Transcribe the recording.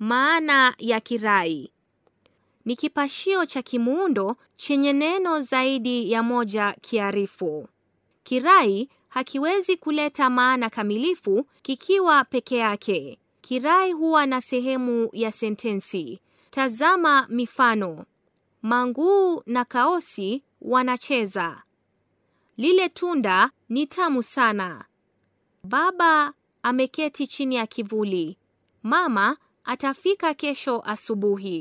Maana ya kirai ni kipashio cha kimuundo chenye neno zaidi ya moja kiarifu. Kirai hakiwezi kuleta maana kamilifu kikiwa peke yake. Kirai huwa na sehemu ya sentensi. Tazama mifano: Manguu na Kaosi wanacheza. Lile tunda ni tamu sana. Baba ameketi chini ya kivuli. Mama Atafika kesho asubuhi.